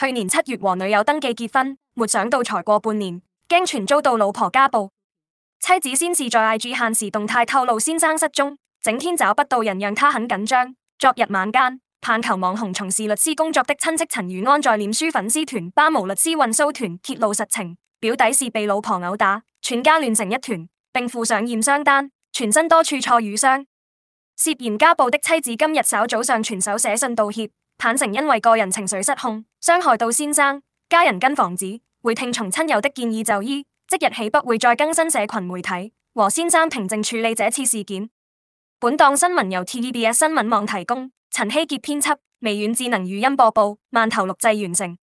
去年七月和女友登記結婚，沒想到才過半年，驚傳遭到老婆家暴。妻子先是在 IG 限時動態透露先生失蹤，整天找不到人，讓他很緊張。昨日晚間，棒球網紅從事律師工作的親戚陳如安在臉書粉絲團巴毛律師運蘇團揭露實情，表弟是被老婆毆打，全家亂成一團，並附上驗傷單，全身多處挫瘀傷。涉嫌家暴的妻子今日稍早上，全手寫信道歉。坦承因為個人情緒失控，傷害到先生、家人跟房子，會聽從親友的建議就醫，即日起不會再更新社群媒體和先生平靜處理這次事件。本檔新聞由 TVBS 新聞網提供，陳希杰編輯，微軟智能語音播報，饅頭錄製完成。